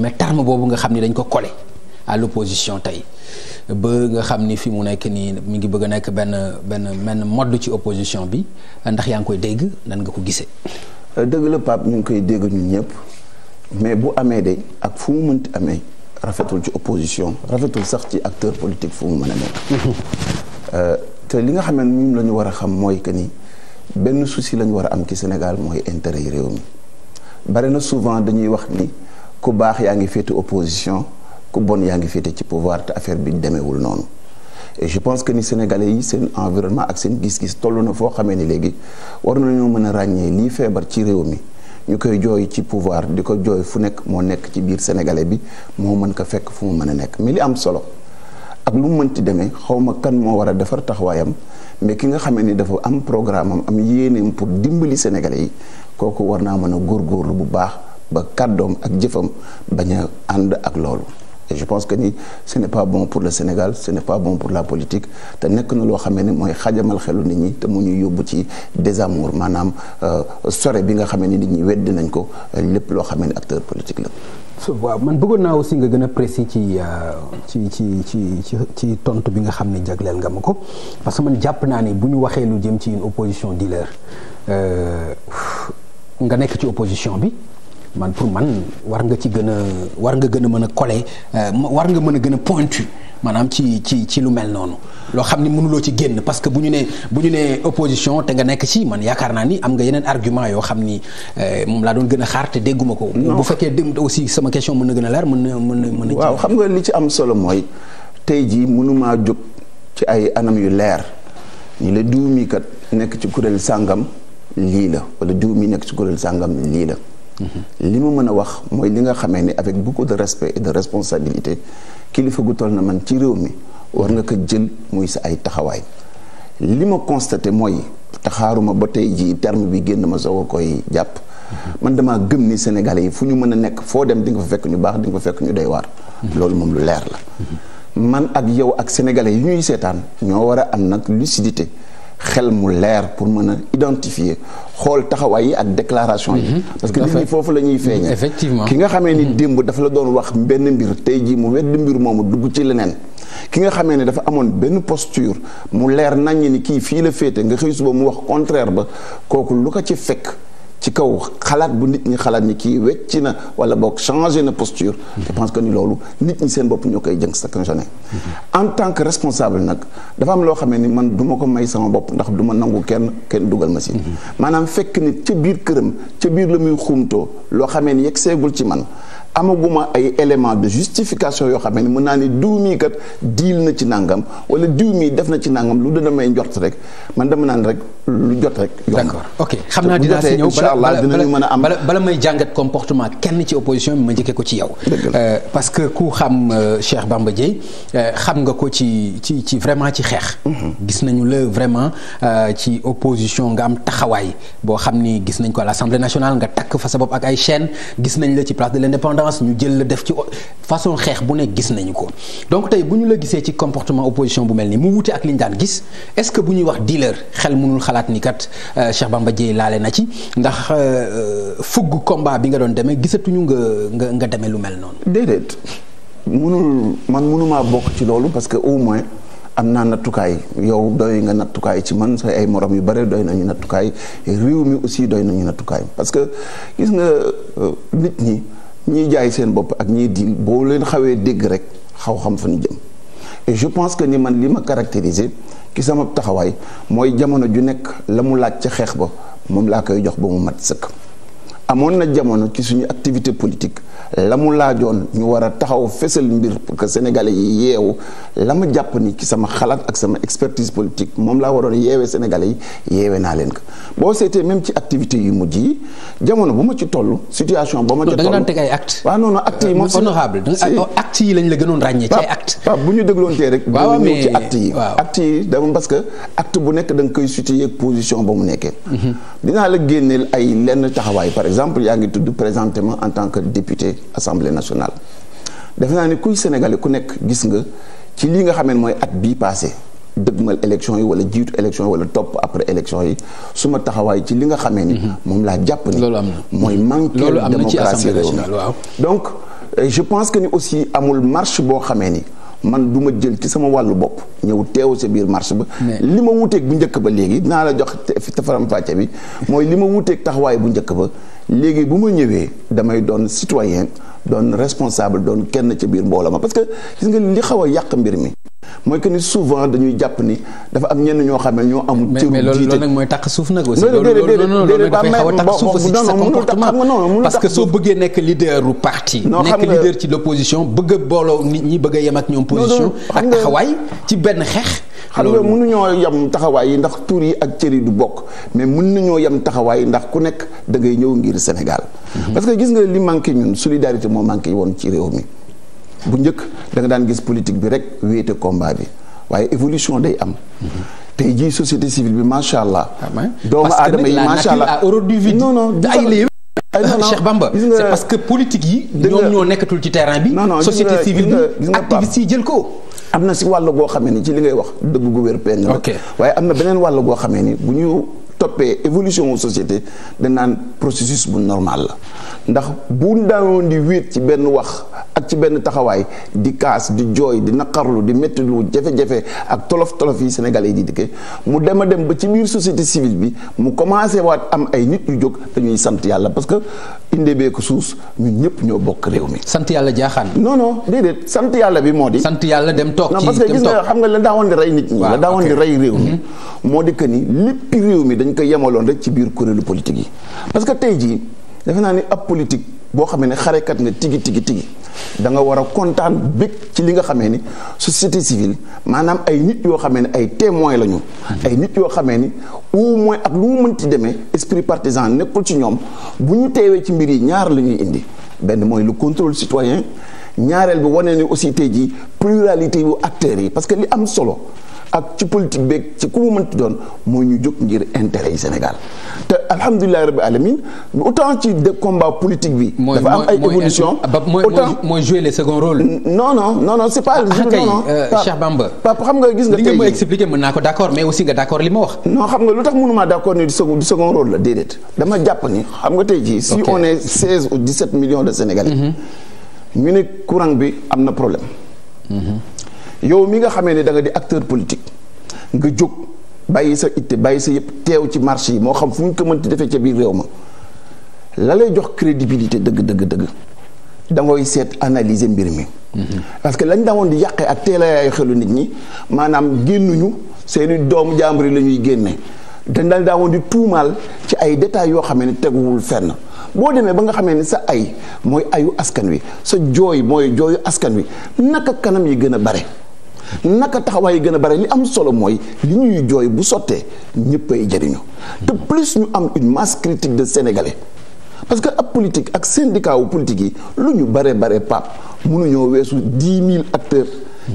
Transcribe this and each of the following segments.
mais terme boobu nga xam ni dañ ko collé à l'opposition tey ba nga xam ni fi mu nekk nii mu ngi bëgg a nekk benn benn benn modd ci opposition bi ndax yaa ngi koy dégg nan nga ko gisee. Euh, dëgg la Pape ñu ngi koy dégg ñun ñëpp mais bu amee de ak fu mu mënti amee rafetul ci opposition rafetul sax ci acteur politique fu mu mën a nekk. Euh, te li nga xam ne ñun la war a xam mooy que ni benn souci la war a am ci Sénégal mooy intérêt yi réew mi bare na souvent dañuy wax ni. ku baax yaa ngi féete opposition ku bon yaa ngi féete ci pouvoir te affaire bi demeewul noonu et je pense que ni sénégalais yi seen environnement ak seen gis-gis toll na foo xamee ni léegi war nañoo mën a ràññee lii feebar ci réew mi ñu koy jooy ci pouvoir di ko jooy fu nekk moo nekk ci biir sénégalais bi moo mën ko fekk fu mu mën a nekk mais am solo ak lu mu mënti demee xaw ma kan moo war a defar taxawaayam mais ki nga xamee ni dafa am programme am am yéeneem pour dimbali sénégalais yi kooku war naa mën a góorgóorlu bu baax. ba kàddoom ak jëfam bañ ànd ak loolu et je pense que ni ce n'est pas bon pour le Sénégal ce n'est pas bon pour la politique te nekk na loo xamee ni mooy xajamal xelu nit ñi te mu ñu yóbbu ci désamour maanaam euh, sore bi nga xamee nit ñi weddi nañ ko lépp loo xamee ni acteur politique la. waaw man bëggoon naa aussi nga gën a précis euh, ci ci ci ci ci tontu bi nga xam ne jagleel nga ma ko parce que man jàpp naa ne bu ñu waxee lu jëm ci une opposition di leer euh, nga nekk ci opposition bi. man pour man war nga ci gën a war nga gën a mën a collé euh, war nga mën a gën a pointu maanaam ci ci ci lu mel noonu loo xam ni mënuloo ci génn parce que bu ñu nee bu ñu nee opposition te nga nekk ci man yaakaar naa ni am nga yeneen argument yoo xam ni euh, moom laa doon gën a xaar te dégguma ko. bu fekkee dem aussi sama question mën na gën leer mën na mën na mën na. waaw xam nga li ci am solo mooy tey jii mënumaa jóg ci ay anam yu leer ñu la diw mi kat nekk ci kuréel sàngam lii la wala diw mi nekk ci kuréel sàngam lii la. li ma mën a wax mooy li nga xame ni avec beaucoup de respect et de responsabilité kilifa gu toll na man ci réew mi war nga ko jël muy sa ay taxawaay li ma constaté mooy taxaaruma ba tey jii terme bi génn ma soog a koy jàpp man damaa gëm ni Sénégalais yi fu ñu mën a nekk foo dem di nga fa fekk ñu baax di nga fa fekk ñu doy waar loolu moom lu leer la man ak yow ak sénégalais yi ñuy seetaan ñoo war a am nag lucidité xel mu leer pour mën a identifier xool taxawaay yi ak déclaration yi mhm. parce que nit ñi foofu la ñuy feeñee mhm. effectivement ki nga xamee ni mhm. démb dafa la doon wax benn mbir tey jii mu wedd mbir moomu dugg ci leneen ki nga xamee ne dafa amoon benn posture mu leer naññ ni kii fii la féete nga xëy suba mu wax contraire ba kooku lu ko ci fekk ci kaw xalaat bu nit ñi xalaat ni kii wecci na wala boog changé na posture je pense que ni loolu nit ñi seen bopp ñoo koy jëng sanctionné en tant que responsable nag dafa am loo xamee ni man duma ko may sama bopp ndax du ma nangu kenn kenn dugal ma si maanaam fekk nit ca biir këram ca biir la muy xuumtoo loo xamee ni yegg seegul ci man amaguma ay éléments de justification yoo xam ne mën naa ne diw mii kat diil na ci nangam wala diw mii def na ci nangam lu dana may njort rek man dama naan rek lu jot rek. d'accord ok xam naa dinaa si ñëw bala bala bala may jàngat comportement kenn ci opposition bi ma njëkkee ko ci yow. Euh, parce que ku xam euh, Cheikh Bamba Dièye euh, xam nga ko ci ci ci vraiment ci xeex. Mm-hmm. gis nañu la vraiment ci opposition nga am taxawaay boo xam ni gis nañ ko à l'Assemblée nationale nga takk fa sa bopp ak ay chaînes gis nañ la ci place de l'indépendance ñu jël la def ci façon xeex bu ne gis nañu ko donc tey bu ñu la gisee ci comportement opposition ni kat euh, Cheikh Bamba Dièye laale na ci ndax euh, fugg combat bi nga doon demee gisatuñu nga nga nga demee lu mel noonu. déedéet munul man munumaa bokk ci loolu parce que au moins. am naa nattukaay yow doy nga nattukaay ci man say ay morom yu bare doy nañu nattukaay réew mi aussi doy nañu nattukaay parce que gis nga euh, nit ñi ñiy jaay seen bopp ak ñiy di boo leen xawee dégg rek xaw xam fa ñu jëm et je pense que ni man li ma caractérisé ki sama taxawaay mooy jamono ju nekk la mu laaj ca xeex ba moom laa koy jox ba mu mat sëkk amoon na jamono ci suñu activité politique la mu laajoon ñu war a taxaw fesal mbir pour que sénégalais yi yeewu la ma jàpp ni ci sama xalaat ak sama expertise politique moom laa waroon yeewee sénégalais yi yeewee naa leen ko boo seetee même ci activité yi mujj yi jamono bu ma ci toll situation ba ma ci toll da nga daan teg ay acte waaw non non acte yi euh, moom honorable euh, acte lañ la gënoon ràññee bu ñu dégloontee rek waaw ñëw ci acte yi acte bu nekk da nga koy situer position ba mu nekkee mhm. dinaa la génneel ay lenn taxawaay par exemple exemple yaa ngi tudd présentement en tant que député assemblée nationale def naa ne kuy sénégalais ku nekk gis nga ci lii nga xam ne mooy at bii passé dëgmal élection yi wala jiitu élection yi wala topp après élection yi su ma taxawaay ci li nga xamee ni mhm. moom laa jàpp ni mooy mhm. manque de démocratie réew mi donc euh, je pense que ni aussi amul marche boo xamee ni man duma jël ci sama wàllu bopp ñëw teewu sa biir marche ba li ma wuteeg bu njëkk ba léegi dinaa la jox te faram fàcce bi mooy li ma wuteeg taxawaay bu njëkk ba léegi bu ma ñëwee damay doon citoyen doon responsable doon kenn ci biir mbooloo ma parce que gis nga li xaw a yàq mbir mi mooy que ni souvent dañuy jàpp ni dafa am ñenn ñoo xam ne ñoo amul cëru jiite mais loolu mooy takk suuf nag aussi parce que soo bëggee nekk leader u parti bëgg booloo nit ñi bëgg yem ak ñoom position ak taxawaay ci benn xeex xam nga mënuñoo yem taxawaay yi ndax tur yi ak cër yi du bokk mais mën nañoo yem taxawaay yi ndax ku nekk da ngay ñëw ngir Sénégal. Mhm. parce que gis nga li manqué ñun solidarité moo manqué woon ci réew mi. bu njëkk da nga daan gis politique bi rek wéete combat bi waaye évolution day am. Mhm. tey jii société civile bi macha allah. Ah doomu aadama yi macha allah parce que la du vide. non non ay Cheikh Bamba c'est parce que politique yi ñoom ñoo nekkatul ci terrain bi société civile bi activiste yi jël ko am na si wàll goo xamee ni ci li ngay wax dëgg gu wér peng la waaye am na beneen wàll goo xamee ni bu ñu toppee évolution wu société danaan processus bu normal la ndax bu daawoon di wéet ci benn wax ak ci benn taxawaay di kaas di jooy di naqarlu di métti lu jafe-jafe ak tolof tolof yi Sénégalais yi di dikkee mu dem a dem ba ci biir société civile bi mu commencé waat am ay nit ñu jóg dañuy sant yàlla parce que indee bee ko suus ñun ñëpp ñoo bokk réew mi. sant yàlla jaaxaan. non non déedéet sant yàlla bi moo di. sant yàlla dem toog ci parce que gis nga xam nga la daawoon di rey nit ñi. la daawoon di dañ ko yemaloon rek ci biir kuréelu politique yi parce que tey jii defe naa ni ab politique boo xamee ne xarekat nga tigi tigi tigi da nga war a kontaan bég ci li nga xamee ni société civile maanaam ay nit yoo xamee ne ay témoins la ñu ay nit yoo xamee ni au moins ak lu mu mënti demee esprit partisan nekkul ci ñoom bu ñu teewee ci mbir yi ñaar la ñuy indi benn mooy lu contrôle citoyen ñaareel bi wanee ne aussi tey jii pluralité yu acteurs yi parce que li am solo ak ci politique beeg ci ku mu mënti doon mooy ñu jóg ngir intérêt yi Sénégal te alhamdulilah rabbi alamin autant ci de combat politique bi. dafa am ay évolution autant mooy jouer les second rôle. non non non non c'est pas. Ah, non non euh, Cheikh Bamba. Pape xam nga gis nga tey li nga ma naa ko d'accord mais aussi nga d'accord li ma wax. non xam nga lu tax mënuma d'accord ni du second du second rôle la déedéet dama jàpp ni xam nga tey jii. si on est 16 ou de Sénégalais. Mm-hmm. ñu ne courant bi am na problème. yow mi nga xamee ne da di acteur politique nga jóg bàyyi sa itte bàyyi sa yëpp teew ci marché yi moo xam fu ñu ko mënti defee ca biir réew ma la lay jox crédibilité dëgg dëgg dëgg da seet analyser mbir mi. parce que lañ daawoon di yàqe ak teel a xelu nit ñi maanaam génnuñu seeni doomu jàmbur yi la ñuy génne dañ daan daawoon di tuumaal ci ay détails yoo xam ne teguwul fenn. boo demee ba nga xamee ne sa ay mooy ayu askan wi sa jooy mooy jooyu askan wi naka kanam yi gën a bare naka taxawaay yi gën a bare li am solo mooy li ñuy jooy bu sottee ñëppay jariñu te plus ñu am une masse critique de sénégalais parce que ak politique ak syndicat wu politique yi lu ñu bare bare pap mënuñoo weesu dix mille acteurs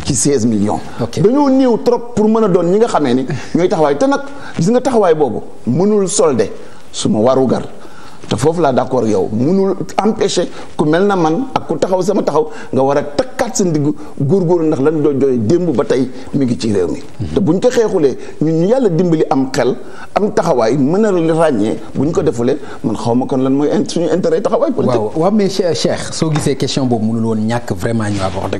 ci seize millions. dañoo néew trop pour mën a doon ñi nga xamee ni ñooy taxawaay te nag gis nga taxawaay boobu mënul solde su ma waru gar te foofu laa d'accord yow munul empêcher ku mel na man ak ku taxaw sama taxaw nga war a takk takkaat seen digg góorgóorlu ndax lan doon jooy démb ba tey mi ngi ci réew mi. te bu ñu ko xeexulee dimbali am xel am taxawaay mën a ràññee bu ñu ko defulee man xaw ma kon lan mooy suñu intérêt taxawaay politique. waaw waaw mais Cheikh gisee question boobu mënul woon ñàkk vraiment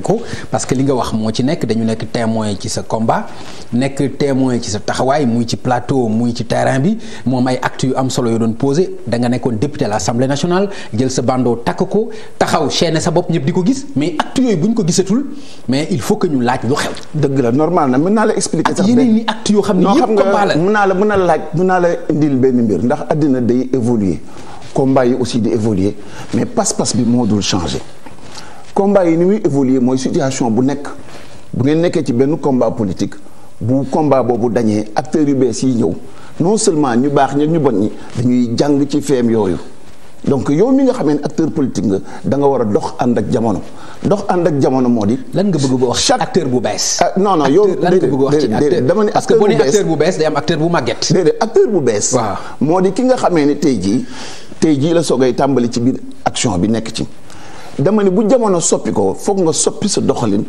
ko parce que li nga wax moo ci nekk dañu nekk témoin ci sa combat nekk témoin ci sa taxawaay muy ci plateau muy ci terrain bi moom ay actes yu am solo yoo doon posé danga nga nekkoon député la l'Assemblée nationale jël sa bandeau takk ko taxaw chaîne sa bopp ñëpp di ko gis mais actes yooyu ko gisatul mais il faut que ñu laaj lu xew. dëgg la normal na mën naa la expliquer. sax yeneen ni actes yoo xam ne yëpp combat la mën naa la mën naa la laaj mën naa la indil benn mbir ndax àddina day évoluer combat yi aussi di évoluer mais passe-passe bi moo dul changer combat yi ni muy évoluer mooy situation bu nekk bu ngeen nekkee ci benn combat politique bu combat boobu dañee acteurs yu bees yi ñëw non seulement ñu baax ña ñu bon ñi dañuy jàng ci feem yooyu donc yow mi nga xamee ne acteur politique nga da war a dox ànd ak jamono dox ànd ak jamono moo di. lan nga bëgg wax chaque acteur bu bees. Ah, non non yow déedéet déedéet dama ne parce que boo nee acteur bu bees day am acteur bu màgget. déedéet acteur bu bees. waaw moo di ki nga xamee ne tey jii tey jii la soogay tàmbali ci biir action bi nekk ci dama ne bu jamono soppi ko foog nga soppi sa doxalin.